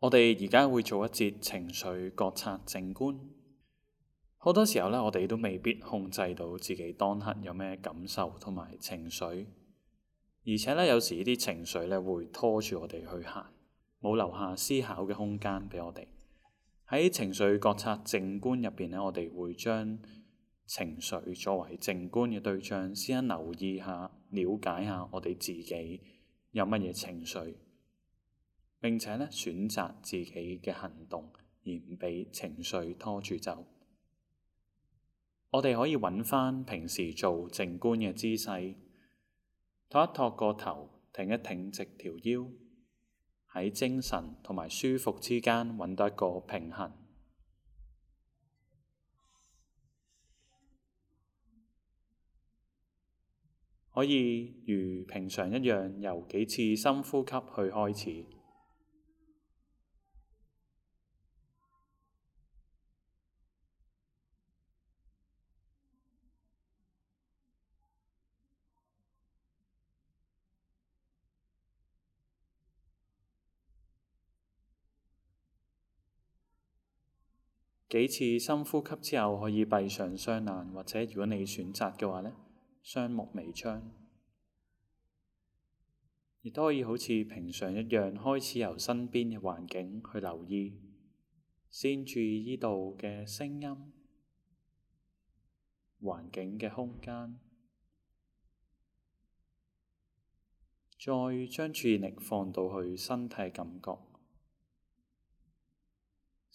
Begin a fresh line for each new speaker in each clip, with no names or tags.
我哋而家會做一節情緒覺察靜觀。好多時候呢，我哋都未必控制到自己當刻有咩感受同埋情緒，而且呢，有時呢啲情緒咧，會拖住我哋去行，冇留下思考嘅空間俾我哋。喺情緒覺察靜觀入邊呢，我哋會將情緒作為靜觀嘅對象，先留意下、了解下我哋自己有乜嘢情緒。並且呢，選擇自己嘅行動，而唔俾情緒拖住走。我哋可以揾返平時做靜觀嘅姿勢，托一托個頭，挺一挺直條腰，喺精神同埋舒服之間揾到一個平衡。可以如平常一樣，由幾次深呼吸去開始。幾次深呼吸之後，可以閉上雙眼，或者如果你選擇嘅話呢，雙目微張，亦都可以好似平常一樣，開始由身邊嘅環境去留意，先注意呢度嘅聲音、環境嘅空間，再將注意力放到去身體感覺。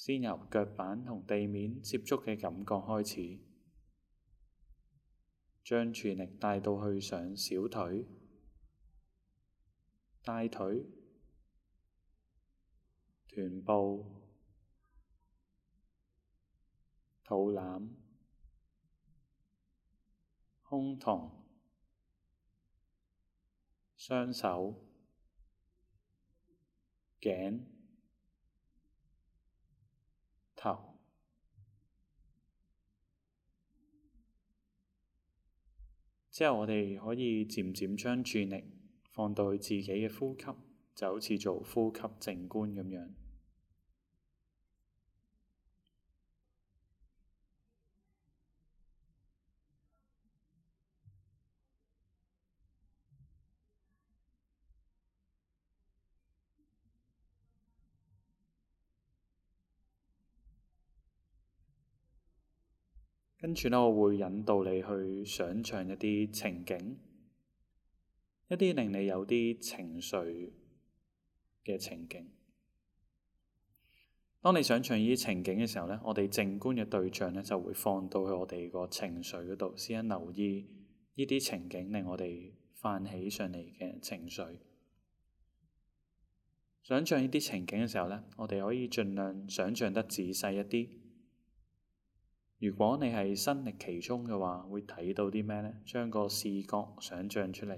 先由腳板同地面接觸嘅感覺開始，將注意力帶到去上小腿、大腿、臀部、肚腩、胸膛、雙手、頸。之後，我哋可以漸漸將注意力放到自己嘅呼吸，就好似做呼吸靜觀咁樣。跟住咧，我會引導你去想像一啲情景，一啲令你有啲情緒嘅情景。當你想像呢啲情景嘅時候呢，我哋靜觀嘅對象咧就會放到去我哋個情緒嗰度，先留意呢啲情景令我哋泛起上嚟嘅情緒。想像呢啲情景嘅時候呢，我哋可以盡量想像得仔細一啲。如果你係身歷其中嘅話，會睇到啲咩呢？將個視覺想像出嚟，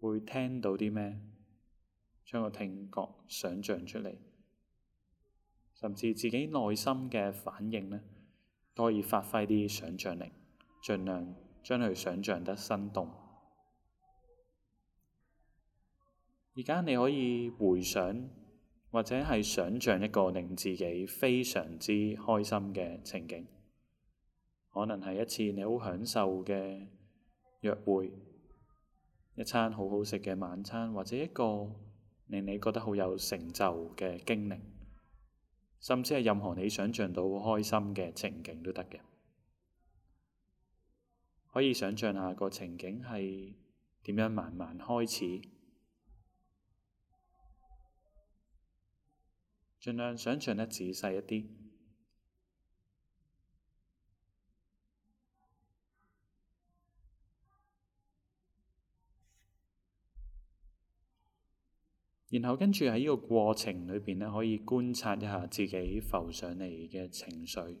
會聽到啲咩？將個聽覺想像出嚟，甚至自己內心嘅反應呢，都可以發揮啲想像力，盡量將佢想像得生動。而家你可以回想，或者係想像一個令自己非常之開心嘅情景。可能係一次你好享受嘅約會，一餐好好食嘅晚餐，或者一個令你覺得好有成就嘅經歷，甚至係任何你想像到好開心嘅情景都得嘅。可以想像下個情景係點樣，慢慢開始，盡量想像得仔細一啲。然後跟住喺呢個過程裏邊呢，可以觀察一下自己浮上嚟嘅情緒，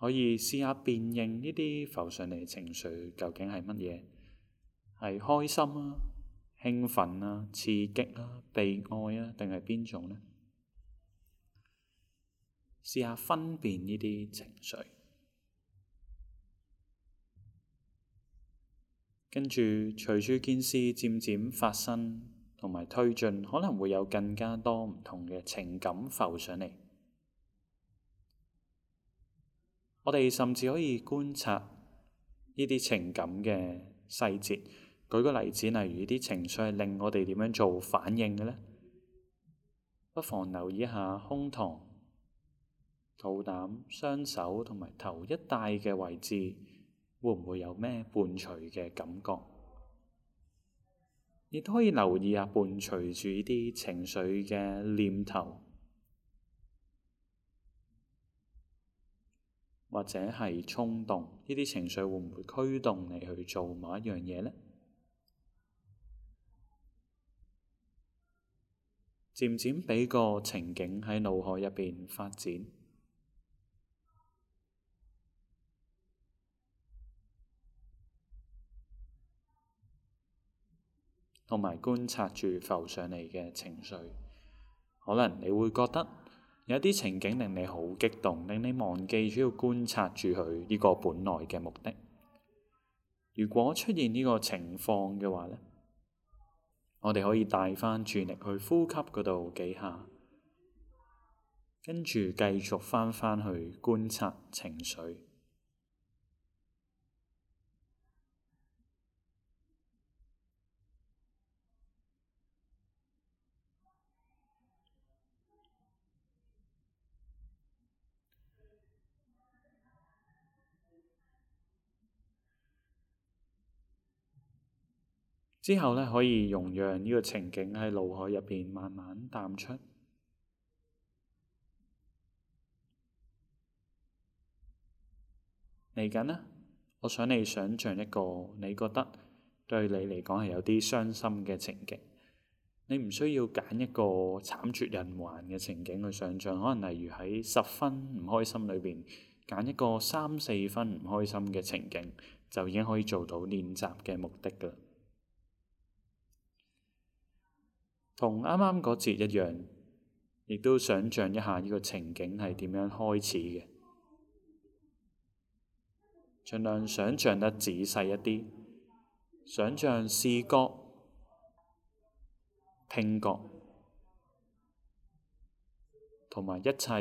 可以試下辨認呢啲浮上嚟情緒究竟係乜嘢，係開心啊、興奮啊、刺激啊、被愛啊，定係邊種呢？試下分辨呢啲情緒。跟住，隨住件事漸漸發生同埋推進，可能會有更加多唔同嘅情感浮上嚟。我哋甚至可以觀察呢啲情感嘅細節。舉個例子，例如啲情緒係令我哋點樣做反應嘅呢？不妨留意一下胸膛、肚腩、雙手同埋頭一帶嘅位置。會唔會有咩伴隨嘅感覺？亦都可以留意下伴隨住啲情緒嘅念頭，或者係衝動，呢啲情緒會唔會驅動你去做某一樣嘢呢？漸漸俾個情景喺腦海入邊發展。同埋觀察住浮上嚟嘅情緒，可能你會覺得有啲情景令你好激動，令你忘記咗要觀察住佢呢個本來嘅目的。如果出現呢個情況嘅話呢，我哋可以帶翻注意力去呼吸嗰度幾下，跟住繼續翻返去觀察情緒。之後呢，可以容讓呢個情景喺腦海入邊慢慢淡出。嚟緊呢，我想你想象一個你覺得對你嚟講係有啲傷心嘅情景。你唔需要揀一個慘絕人寰嘅情景去想象，可能例如喺十分唔開心裏邊揀一個三四分唔開心嘅情景，就已經可以做到練習嘅目的㗎啦。同啱啱嗰節一樣，亦都想像一下呢個情景係點樣開始嘅，儘量想像得仔細一啲，想像視覺、聽覺，同埋一切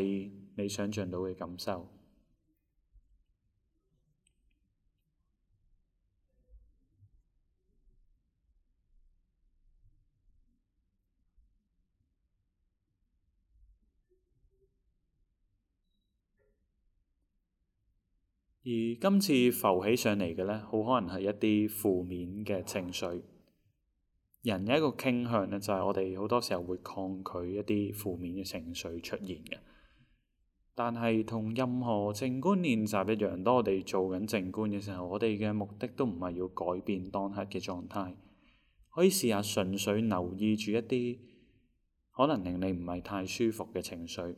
你想像到嘅感受。而今次浮起上嚟嘅咧，好可能係一啲負面嘅情緒。人有一個傾向咧，就係、是、我哋好多時候會抗拒一啲負面嘅情緒出現嘅。但係同任何靜觀練習一樣，當我哋做緊靜觀嘅時候，我哋嘅目的都唔係要改變當刻嘅狀態，可以試下純粹留意住一啲可能令你唔係太舒服嘅情緒。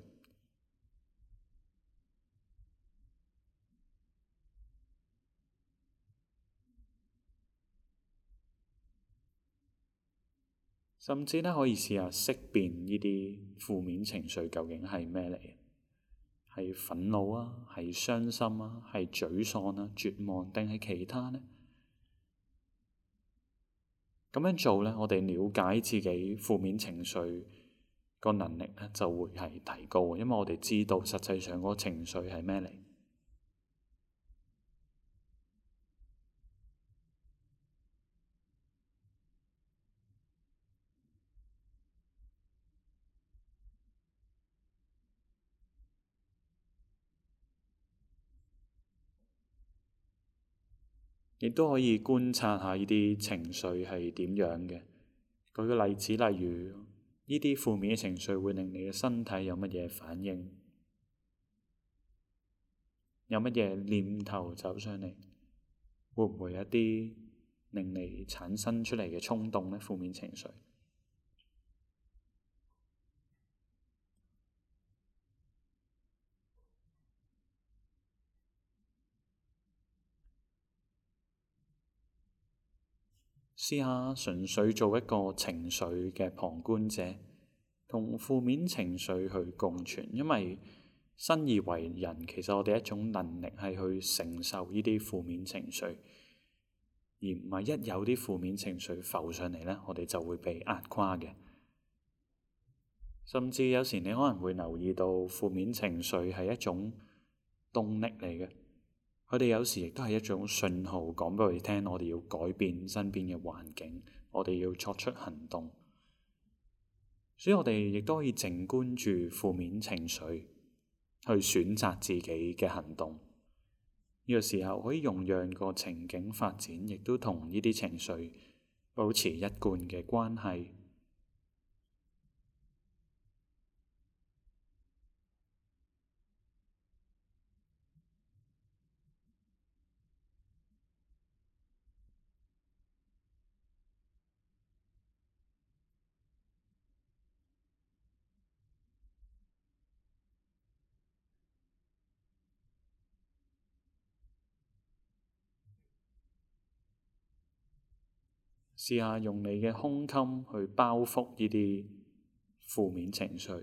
甚至呢，可以試下識別呢啲負面情緒究竟係咩嚟，係憤怒啊，係傷心啊，係沮喪啊，絕望定係其他呢？咁樣做呢，我哋了解自己負面情緒個能力呢，就會係提高，因為我哋知道實際上嗰個情緒係咩嚟。亦都可以觀察下呢啲情緒係點樣嘅。舉個例子，例如呢啲負面嘅情緒會令你嘅身體有乜嘢反應？有乜嘢念頭走上嚟？會唔會有啲令你產生出嚟嘅衝動呢？負面情緒。試下純粹做一個情緒嘅旁觀者，同負面情緒去共存，因為生而為人，其實我哋一種能力係去承受呢啲負面情緒，而唔係一有啲負面情緒浮上嚟呢，我哋就會被壓垮嘅。甚至有時你可能會留意到，負面情緒係一種動力嚟嘅。佢哋有時亦都係一種信號，講俾我哋聽，我哋要改變身邊嘅環境，我哋要作出行動。所以我哋亦都可以靜觀住負面情緒，去選擇自己嘅行動。呢個時候可以用讓個情景發展，亦都同呢啲情緒保持一貫嘅關係。試下用你嘅胸襟去包覆呢啲負面情緒，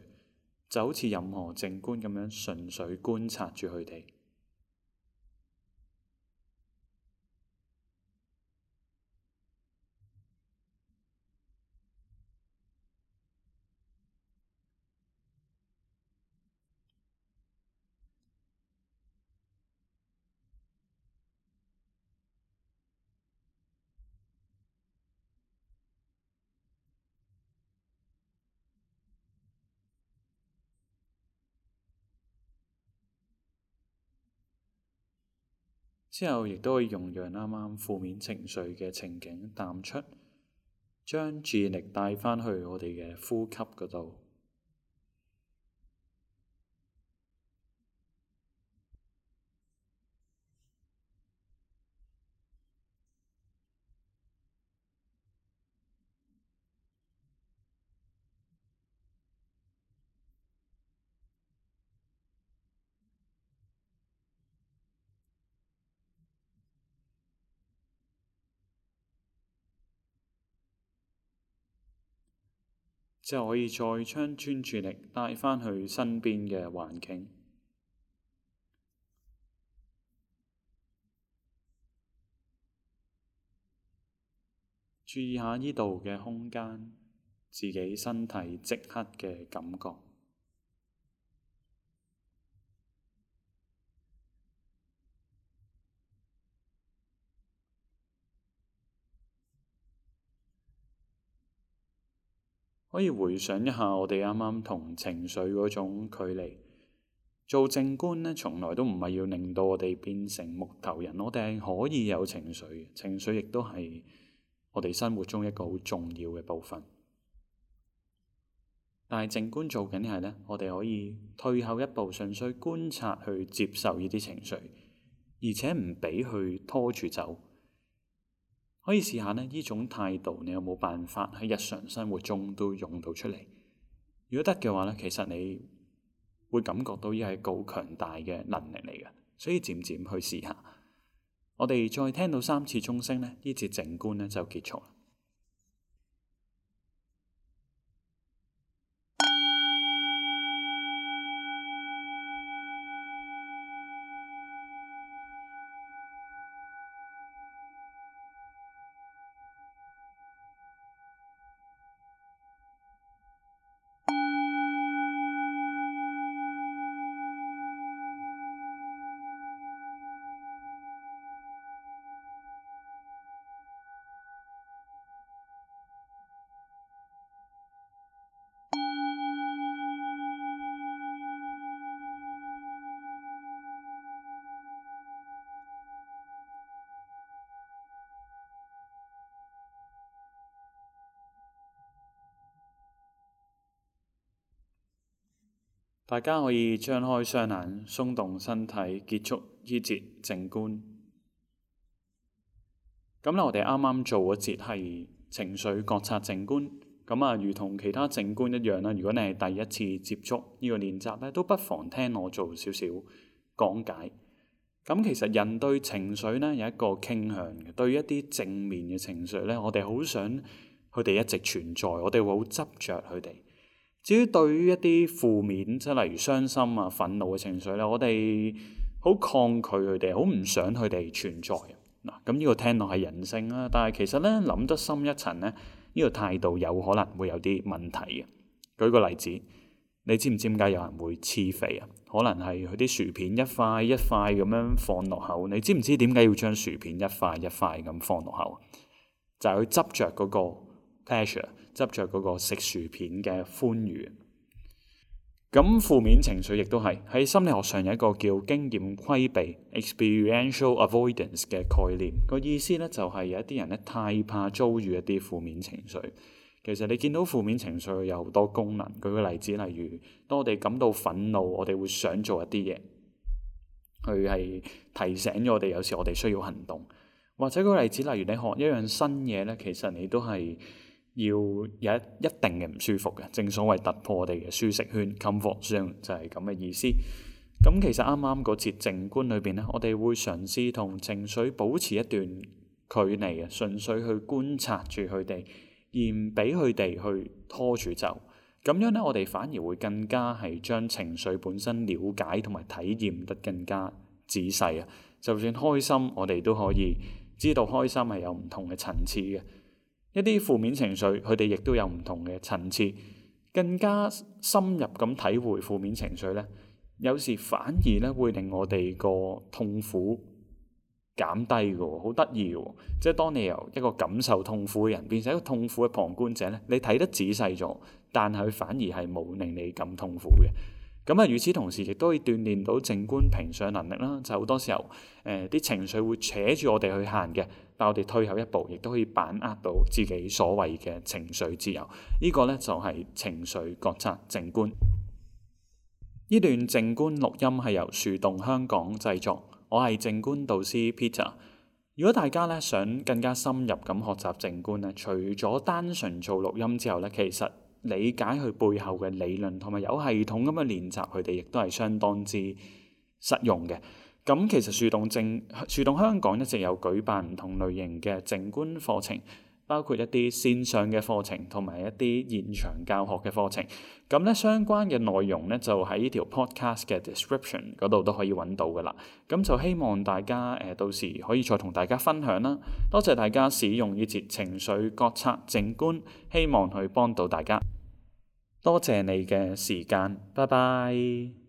就好似任何靜觀咁樣，純粹觀察住佢哋。之後，亦都可以用讓啱啱負面情緒嘅情景淡出，將注意力帶翻去我哋嘅呼吸嗰度。之後可以再將專注力帶返去身邊嘅環境，注意下呢度嘅空間，自己身體即刻嘅感覺。可以回想一下，我哋啱啱同情緒嗰種距離。做靜觀咧，從來都唔係要令到我哋變成木頭人，我哋係可以有情緒，情緒亦都係我哋生活中一個好重要嘅部分。但係靜觀做緊嘅係咧，我哋可以退後一步，純粹觀察去接受呢啲情緒，而且唔俾佢拖住走。可以試下呢，呢種態度你有冇辦法喺日常生活中都用到出嚟？如果得嘅話，呢其實你會感覺到呢係夠強大嘅能力嚟嘅，所以漸漸去試下。我哋再聽到三次鐘聲，呢呢節靜觀呢就結束啦。大家可以張開雙眼，鬆動身體，結束呢節靜觀。咁啦，我哋啱啱做嗰節係情緒覺察靜觀。咁啊，如同其他靜觀一樣啦，如果你係第一次接觸呢個練習呢，都不妨聽我做少少講解。咁其實人對情緒呢，有一個傾向嘅，對一啲正面嘅情緒呢，我哋好想佢哋一直存在，我哋會好執着佢哋。至於對於一啲負面，即係例如傷心啊、憤怒嘅情緒咧，我哋好抗拒佢哋，好唔想佢哋存在嗱，咁呢個聽落係人性啦，但係其實咧諗得深一層咧，呢個態度有可能會有啲問題嘅。舉個例子，你知唔知點解有人會黐肥啊？可能係佢啲薯片一塊一塊咁樣放落口，你知唔知點解要將薯片一塊一塊咁放落口？就係佢執着嗰個 pressure。執着嗰個食薯片嘅歡愉，咁負面情緒亦都係喺心理學上有一個叫經驗規避 （experiential avoidance） 嘅概念。個意思呢，就係、是、有一啲人呢，太怕遭遇一啲負面情緒。其實你見到負面情緒有好多功能。舉個例子，例如當我哋感到憤怒，我哋會想做一啲嘢，佢係提醒咗我哋有時我哋需要行動。或者舉例子，例如你學一樣新嘢呢，其實你都係。要有一,一定嘅唔舒服嘅，正所謂突破我哋嘅舒適圈 （comfort zone） 就係咁嘅意思。咁其實啱啱嗰節靜觀裏邊呢，我哋會嘗試同情緒保持一段距離嘅，純粹去觀察住佢哋，而唔俾佢哋去拖住走。咁樣呢，我哋反而會更加係將情緒本身了解同埋體驗得更加仔細啊！就算開心，我哋都可以知道開心係有唔同嘅層次嘅。一啲負面情緒，佢哋亦都有唔同嘅層次。更加深入咁體會負面情緒咧，有時反而咧會令我哋個痛苦減低嘅喎，好得意嘅喎。即係當你由一個感受痛苦嘅人，變成一個痛苦嘅旁觀者咧，你睇得仔細咗，但係佢反而係冇令你咁痛苦嘅。咁啊，與此同時，亦都可以鍛鍊到靜觀評鑑能力啦。就好、是、多時候，誒、呃、啲情緒會扯住我哋去行嘅，但我哋退後一步，亦都可以把握到自己所謂嘅情緒自由。這個、呢個咧就係、是、情緒覺察靜觀。呢段靜觀錄音係由樹洞香港製作，我係靜觀導師 Peter。如果大家咧想更加深入咁學習靜觀咧，除咗單純做錄音之後咧，其實理解佢背後嘅理論，同埋有系統咁嘅練習，佢哋亦都係相當之實用嘅。咁其實樹洞靜樹洞香港一直有舉辦唔同類型嘅靜觀課程，包括一啲線上嘅課程，同埋一啲現場教學嘅課程。咁咧相關嘅內容咧就喺呢條 podcast 嘅 description 嗰度都可以揾到噶啦。咁就希望大家誒、呃、到時可以再同大家分享啦。多謝大家使用語節情緒覺察靜觀，希望去幫到大家。多謝你嘅時間，拜拜。